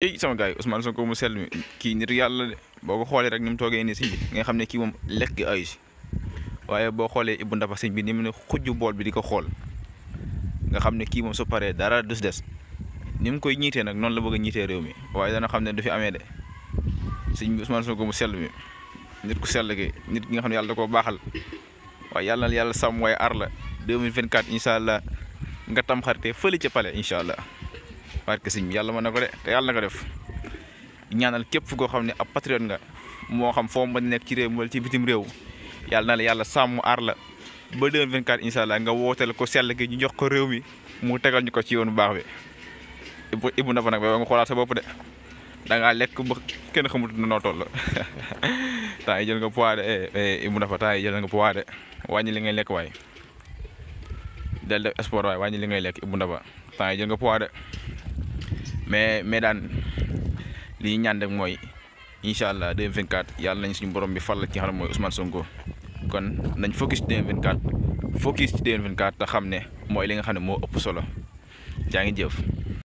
ey sama gars yi Ousmane ko mu sell mi kii nit yàlla de boo ko xoolee rek ni mu toogee nii sëñ bi nga xam ne kii moom lekk ay ayu si waaye boo xoolee Ibou Ndafa sëñ bi ni mu ne xujju bool bi di ko xool nga xam ne kii moom su paree dara dus des ni mu koy ñiitee nag noonu la bëgg a ñiitee réew mi waaye dana xam ne du fi amee de sëñ bi Ousmane ko mu sell mi nit ku sell ki nit ki nga xam ne yàlla da koo baaxal waaye yàlla yàlla sàmm waaye aar la 2024 incha allah nga tam xarite fële ca palais incha allah. barke sëñ bi yàlla mën na ko de te yàlla na ko def ñaanal képp koo xam ne a patriote nga moo xam foo mën nekk ci réew wala ci bitim réew yàlla na la yàlla sàmm aar la ba 2024 incha allah nga wooteel ko sell gi ñu jox ko réew mi mu tegal ñu ko ci yoonu baax bi. Ibou Ibou Nafa nag ba nga xoolaat sa de danga lekk ba kenn xamut noo toll temps yi jël nga poids de eh, eh, Ibou Nafa temps yi jël nga poids li ngay lekk waay del def sport waay de. mais mais daan li ñu ñaan rek mooy incha allah 2024 yàlla nañ suñu borom bi faral ci xam ne mooy Ousmane Sonko kon nañ focus ci 2024 focus ci 2024 te xam ne mooy li nga xam ne moo ëpp solo jaa ngi jëf.